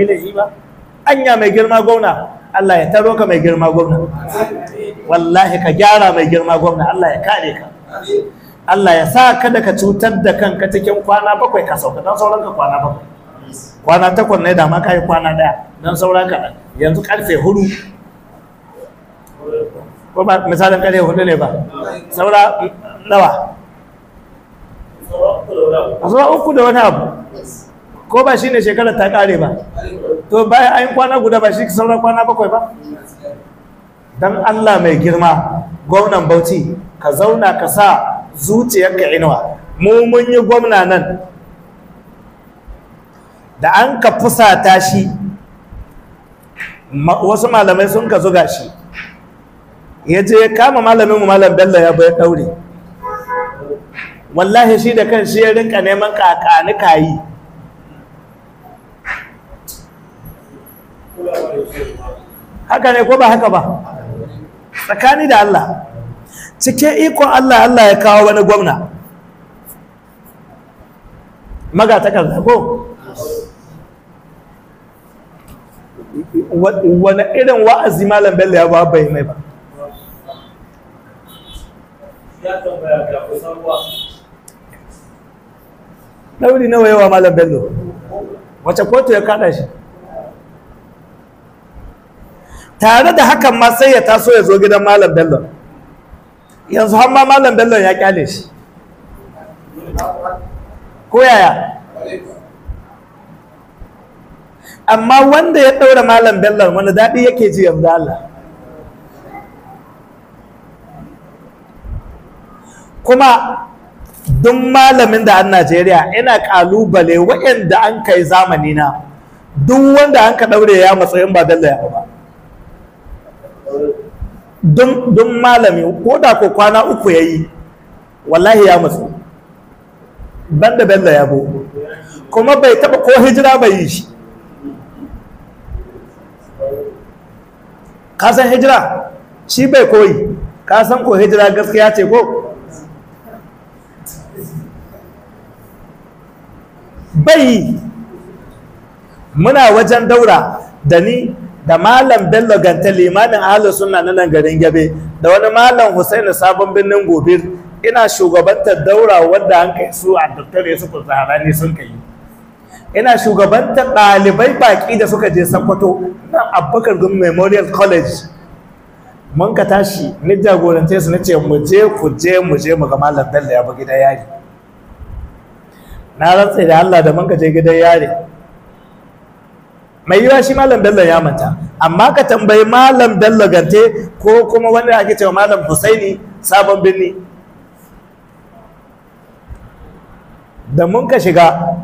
yi laifi ba anya mai girma gwamna Allah ya taro ka mai girma gwamna wallahi ka gyara mai girma gwamna Allah ya kare ka Allah ya sa kada ka cutar da kanka cikin kwana bakwai ka sauka don sauran ka kwana bakwai kwana takwas ne da ma ka yi kwana daya don sauran ka yanzu karfe hudu ko ba misalin karfe hudu ne ba saura nawa uku da wani abu ko ba shi ne shekarar ta kare ba to bayan an kwana guda ba shi sauran kwana bakwai ba dan Allah mai girma gwamnan Bauchi ka zauna ka sa zuciyar zuciyarka inuwa mu mun yi gwamna nan da an ka fusata shi wasu malamai sun ka zuga shi ya je ya kama malamin mu malam bello ya bai daure wallahi shi da kan shi ya rinka neman kakani kayi haka ne ko ba haka ba tsakani da Allah cikin ikon Allah Allah ya kawo wani gwamna magatakarda ko wani irin wa'azi malam bello ya ba bai mai ba ɗauri nawa yawa malam bello wace kotu ya kada shi tare da hakan ma sai ya taso ya zo gidan malam bello yanzu har ma malam bello ya kyale shi ko yaya amma wanda ya ɗaura malam bello wani daɗi yake ji yanzu Allah kuma duk malamin da an Najeriya ina ƙalubale waɗanda an kai zamani na duk wanda an ka ɗaure ya matsayin ba bello ya ba don malami ko da ko kwana uku ya yi wallahi ya mutu ban da bello ya bu kuma bai taba ko hijira bai yi shi kasan hijira shi bai koyi kasan ko hijira gaskiya ce ko bai muna wajen daura da ni da malam bello ganta limanin ahalar sunna na nan garin gabe da wani malam husaini sabon birnin gobir ina shugabantar daura wadda an kai su a yasu yusuf zaharani sun kai ina shugabantar ɗalibai baƙi da suka je sakkwato na abubakar gumi memorial college mun ka tashi ni jagorance su na ce mu je ku je mu je mu ga malam bello ya bi gidan yari na rantse da allah da mun ka je gidan yari mai yiwa shi malam bello ya manta amma ka tambayi malam bello gante ko kuma wani ake cewa malam husaini sabon birni da mun ka shiga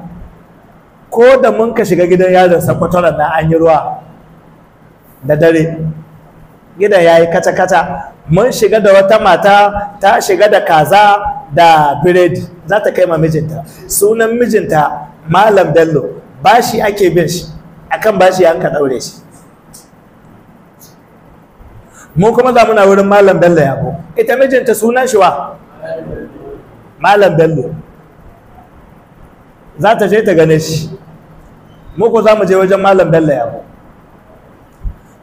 ko da mun ka shiga gidan yaron sakwatoran na an yi ruwa da dare gidan ya yi kaca-kaca mun shiga da wata mata ta shiga da kaza da biredi za ta kai ma mijinta sunan mijinta malam bello ba shi ake bin shi akan ba shi yanka daure shi mu kuma za muna wurin malam bello yabo ita mijinta sunan shi wa malam bello za ta je ta gane shi mu ko za mu je wajen malam bello yabo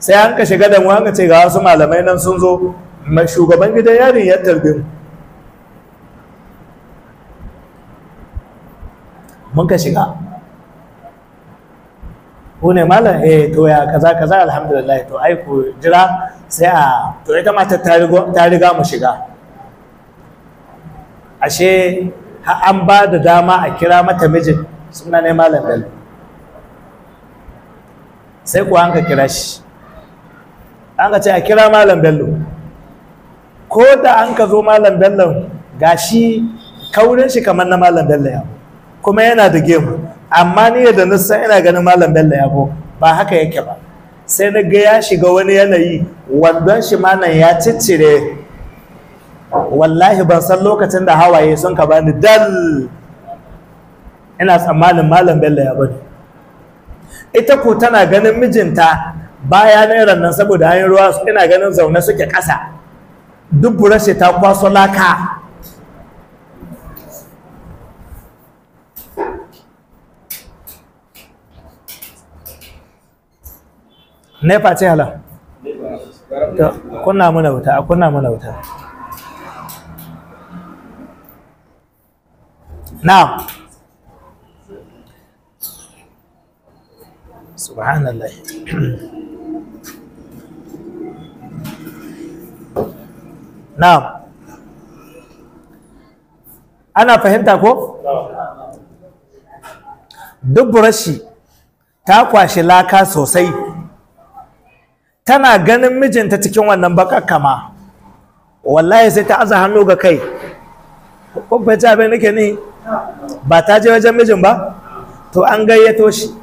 sai an ka shiga da mu an ka ce ga wasu malamai nan sun zo mai shugaban gidan yarin ya tarbe mu mun ka shiga ku ne malam eh to ya kaza kaza alhamdulillah to ai ku jira sai a to ita ma ta riga mu shiga ashe an ba da dama a kira mata mijin suna ne malam bello sai ku an ka kira shi an ka ce a kira malam bello ko da an ka zo malam bello gashi kaurin shi kamar na malam bello ya kuma yana da gemu amma ni da san ina ganin malam bello ya yabo ba haka yake ba sai na ga ya shiga wani yanayi wandon shi ma nan ya ciccire wallahi ban san lokacin da hawaye sun ka bani dal ina tsammanin malam bello ya bani ita ko tana ganin mijinta baya nairan nan saboda hanyar ruwa ina ganin zaune suke ƙasa duk burashe ta kwaso laka nefa ce hala kunna muna wuta a kunna muna wuta na'am subhanallah na'am ana fahimta ko duk burashi ta kwashi laka sosai tana ganin mijinta cikin wannan bakar kama wallahi sai ta aza hannu ga kai babban abin nake ni ba ta je wajen mijin ba to an gayyato shi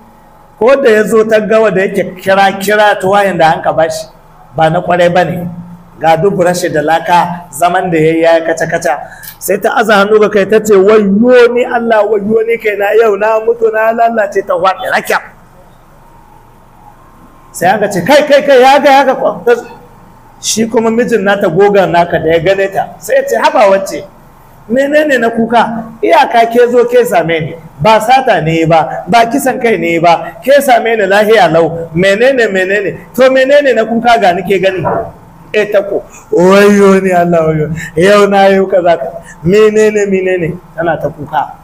ko da ya zo ta gawa da yake kira kira tuwayin da hanka bashi ba na kwarai ba ne ga dubura shi da laka zaman da ya yi ya kaca kaca sai ta aza hannu ga kai ta ce wayo ni allah wayo ni kai na yau na mutu na lalace ta hwaɗe rakyar sai aka ce kai kai kai ya ga ya ga shi kuma mijin nata goga naka da ya gane ta sai ce haba wacce menene na kuka iyaka ke zo ke same ni ba sata ne ba ba kisan kai ne ba ke same ni lahiya lau menene menene to menene na kuka ga nike gani e ta ko wayo ne Allah wayo yau na yau kaza ka menene menene tana ta kuka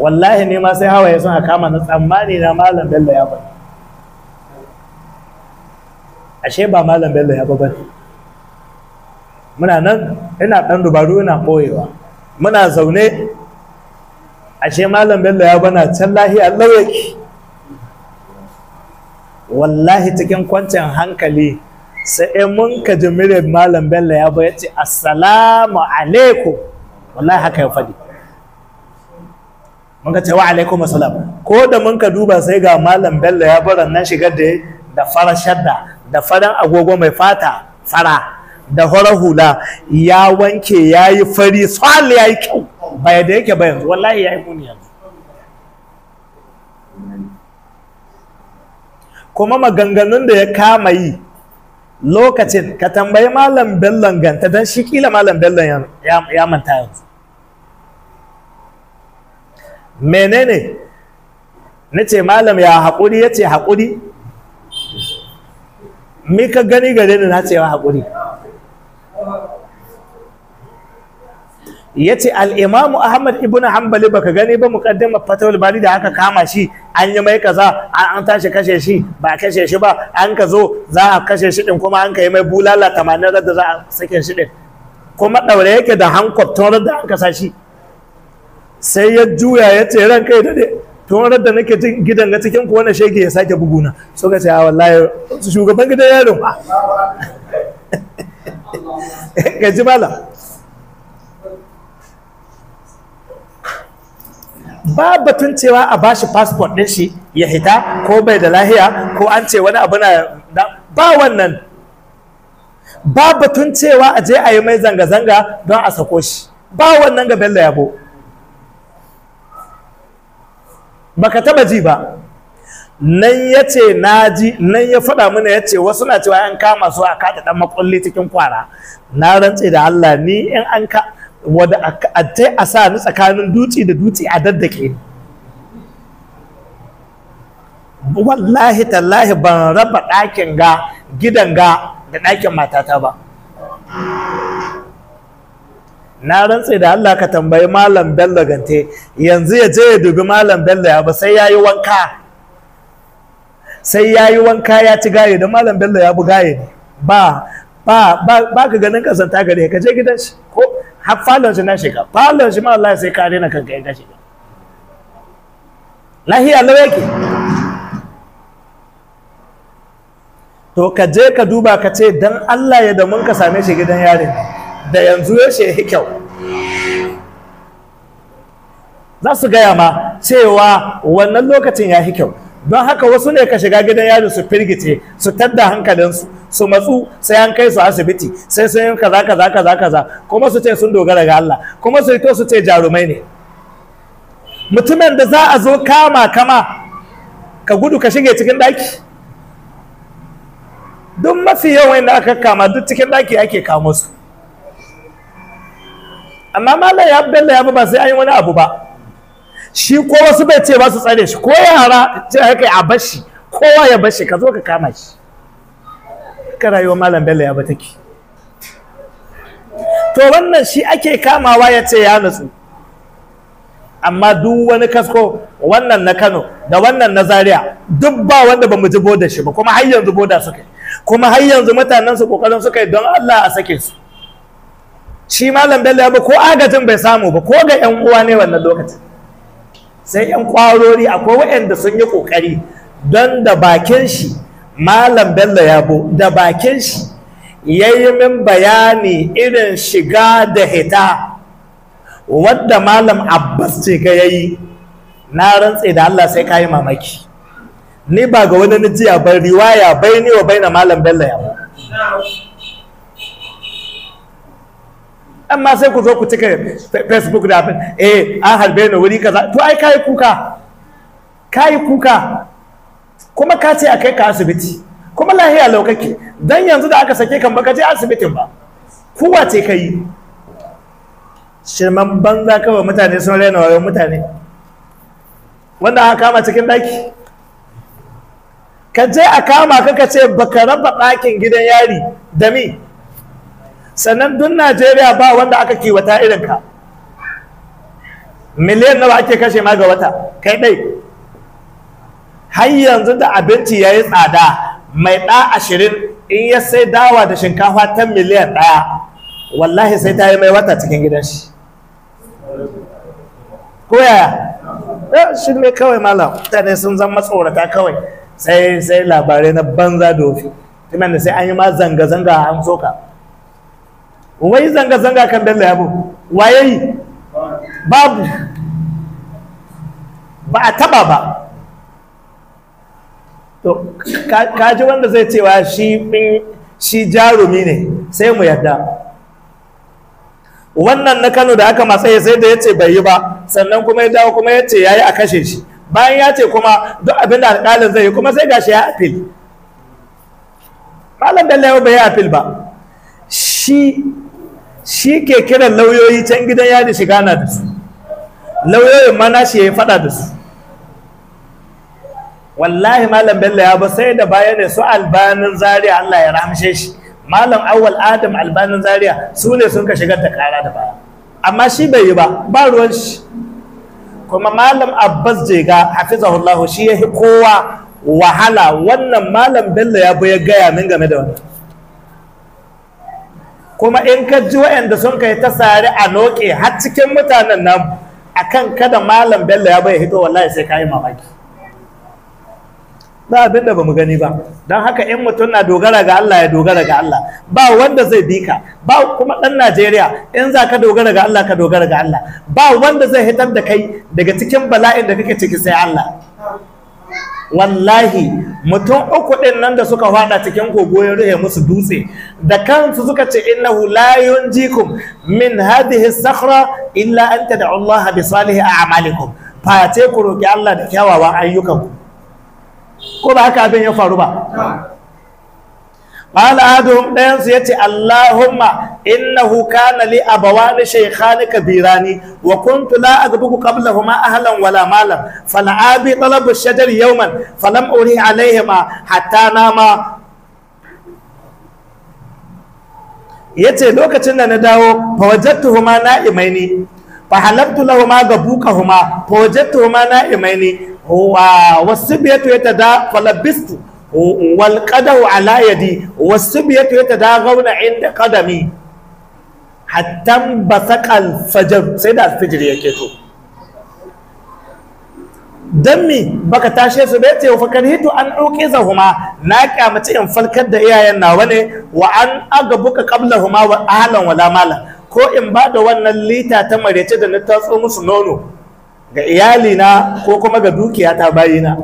wallahi ne ma sai hawaye sun kama na tsammani na malam bello ya bani ashe ba malam bello ya ba muna nan ina ɗan dubaru ina ɓoyewa muna zaune ashe malam bello ya bana can lahiya lauyaki wallahi cikin kwancin hankali sai mun ka ji malam bello ya bai ce assalamu alaikum wallahi haka ya faɗi mun ka ce wa alaikum assalam ko da mun ka duba sai ga malam bello ya bar nan shigar da da farashar da da farin agogo mai fata fara da horar hula ya wanke ya yi fari tsali ya yi kyau Bayan da yake bayan yanzu wallahi ya yi muni yanzu kuma maganganun da ya kama yi lokacin ka tambayi malam bellon ganta don shi kila malam bellon ya manta yanzu menene na ce malam ya haƙuri ya ce haƙuri me ka gani gare ni na cewa haƙuri ya ce al'imamu ahmad ibn hanbali baka gani ba mukaddama fatawul bari da aka kama shi an yi mai kaza an tashi kashe shi ba kashe shi ba an ka zo za a kashe shi din kuma an ka yi mai bulala tamanin da za a sake shi din kuma ɗaure yake da hankwab tun da an kasa shi sai ya juya ya ce ran kai da daɗe to ran da nake jin gidan na cikin ku wannan shege ya sake buguna suka ce a ah, wallahi shugaban gidan yaron ka ji mala ba batun cewa a bashi passport din shi ya hita ko bai da lahiya ko an ce wani abu na ba wannan ba batun cewa a je a yi mai zanga-zanga don a sako shi ba wannan ga bello yabo baka taba ji ba nan ya ce na ji nan ya faɗa mana ya ce wasu na cewa an kama su a kada ɗan makulli cikin kwara na rantse da Allah ni in an ka wada a tai a sa ni tsakanin dutse da dutse a daddake wallahi tallahi ban raba ɗakin ga gidan ga da ɗakin matata ba na rantse da Allah ka tambayi malam bello gante yanzu ya je ya dubi malam bello ya ba sai ya yi wanka sai ya yi wanka ya ci gaye da malam bello ya bu gaye ne ba ba ba ka ganin kasanta gare ka je gidan shi ko har falon shi na shiga falon shi ma Allah sai ka rena kanka ya gashi lahiya lawa yake to ka je ka duba ka ce dan Allah ya da mun ka same shi gidan yarin ne da yanzu ya ya kyau za su gaya ma cewa wannan lokacin ya hikyau don haka wasu ne ka shiga gidan yari su firgice su tadda hankalinsu su matsu sai an kai su asibiti sai sun yi kaza kaza kaza kaza kuma su ce sun dogara ga Allah kuma su to su ce jarumai ne mutumin da za a zo kama kama ka gudu ka shige cikin daki duk mafi yawan da aka kama duk cikin daki ake kamo su amma malam ya bella ya ba sai an yi wani abu ba shi ko wasu bai ce ba su tsare shi ko yara ce haka a bashi kowa ya bashi ka zo ka kama shi ka rayuwa malam bello ya ba take to wannan shi ake kamawa ya ce ya nutsu amma duk wani kasko wannan na kano da wannan na zaria duk ba wanda ba mu ji boda shi ba kuma har yanzu boda suka kuma har yanzu mutanen su kokarin suka yi don allah a sake su shi malam bello ya ba ko agajin bai samu ba ko ga yan uwa ne wannan lokacin sai yan kwarori akwai waɗanda sun yi ƙoƙari don da bakin shi malam bello ya bo da bakin shi ya yi min bayani irin shiga da hita wadda malam abbas ce ga yayi na rantse da allah sai ka mamaki ni ba ga wani nijiya ban riwaya bai ni wa bai na malam bello ya ba amma sai ku zo ku cika facebook da abin eh an harbe ni wuri kaza to ai kai kuka kai kuka kuma ka ce a kai ka asibiti kuma lahiya laukake dan yanzu da aka sake kan baka je asibitin ba ku ce ka yi shirman banza kawai mutane sun raina wayon mutane wanda aka kama cikin daki ka je a kama ka ce baka raba ɗakin gidan yari da mi sannan duk najeriya ba wanda aka kiwata irin ka miliyan nawa ake kashe ma ga wata kai dai har yanzu da abinci ya yi tsada mai ɗa ashirin in ya sai dawa da shinkafa ta miliyan ɗaya wallahi sai ta yi mai wata cikin gidan shi ko yaya eh, shi ne kawai malam mutane sun zama tsorata kawai sai labarai na banza dofi tunan da sai an yi ma zanga-zanga an soka wai zanga-zanga kan bello yabo waye yi babu ba a taba ba to kaji wanda zai cewa shi jarumi ne sai mu yadda wannan na kano da aka matsaye sai da ya ce bai yi ba sannan kuma ya dawo kuma ya ce ya yi a kashe shi bayan ya ce kuma duk abin da alƙalin zai yi kuma sai gashi ya apil malam bello bai yi apil ba shi shi ke kiran lauyoyi can gidan yari shiga na da su lauyoyin mana shi ya faɗa da su wallahi malam bello ya ba sai da baya ne su albanin zaria allah ya ramshe shi malam awwal adam albanin zaria su ne sun ka shigar da kara da baya amma shi bai yi ba ba ruwan shi kuma malam abbas jega hafizahullahu shi ya kowa wahala wannan malam bello ya bu ya gaya min game da wannan kuma in ka ji waɗanda sun kai ta sare a noke har cikin mutanen nan akan kada malam bello ya bai hito wallahi sai ka yi mamaki ba abin da ba gani ba don haka in mutum na dogara ga Allah ya dogara ga Allah ba wanda zai bi ka ba kuma ɗan Najeriya in za ka dogara ga Allah ka dogara ga Allah ba wanda zai hitar da kai daga cikin bala'in da kake ciki sai Allah wallahi mutum uku ɗin nan da suka fada cikin kogo ya rufe musu dutse da kansu suka ce hu la yunjikum min hadhihi sakhra illa an tad'u Allah bi salihi a'malikum fa ce ku roki Allah da kyawawan ayyukanku ko ba haka abin ya faru ba qala adu ɗayansu ya yace allahumma innahu kana li abawani shaykhani kabirani wa kuntu la kabla huma ahalan wala malam.' fala abi talabu shajar yawman falam uri alayhima hatta nama yace lokacin da na dawo fa wajadtuhuma na'imaini fa huma, lahumu gabukahuma huma wajadtuhuma wa wasibiyatu yatada falabistu والقدر على يدي والسبية يتداغون عند قدمي حتى انبثق الفجر سيدا الفجر يكيتو دمي baka tashe su bai ce fa kanhitu an huma, na ƙyamaci in falkar da iyayen nawa ne wa an aga ƙabla huma wa ahlan wala mala ko in ba da wannan lita ta marece da na tatso musu nono ga iyalina ko kuma ga dukiya ta bayina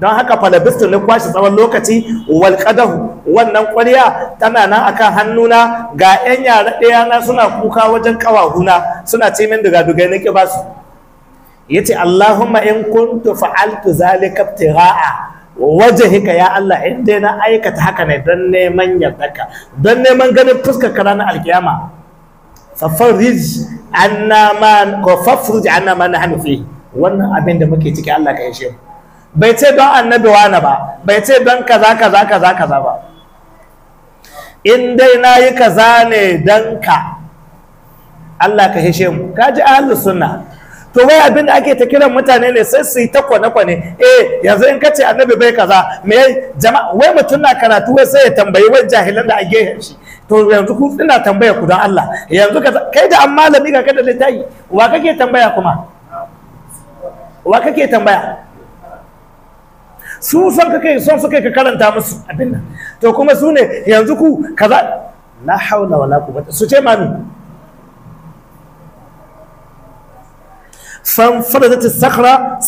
don haka falabistin na kwashe tsawon lokaci walƙadahu wannan ƙwarya tana nan akan hannuna ga 'yan yara na suna kuka wajen ƙawahuna suna ce min daga dugai na ƙi ba su ya ce allahumma in kuntu fa'altu zalika ibtira'a hika ya Allah in na aikata haka ne don neman yardarka don neman ganin fuskar kara na alkiyama fafarij anna ma ko anna ma nahnu fi wannan abin da muke ciki Allah ka yi mu bai ce don annabi wane ba bai ce don kaza kaza kaza kaza ba in dai na yi kaza ne don ka Allah ka hishe mu ka ji ahlus suna. to wai abin da ake ta kiran mutane ne sai su yi ta kwane-kwane eh yanzu in ka ce annabi bai kaza me jama'a wai mutum na karatu wai sai ya tambayi wai jahilan da a gehen shi to yanzu ku ina tambaya ku don Allah yanzu ka kai da an malami ka kada littafi wa kake tambaya kuma wa kake tambaya su son kake son ka karanta musu abin nan to kuma su ne yanzu ku kaza la haula wala quwwata su ce mami fan faradat sakhra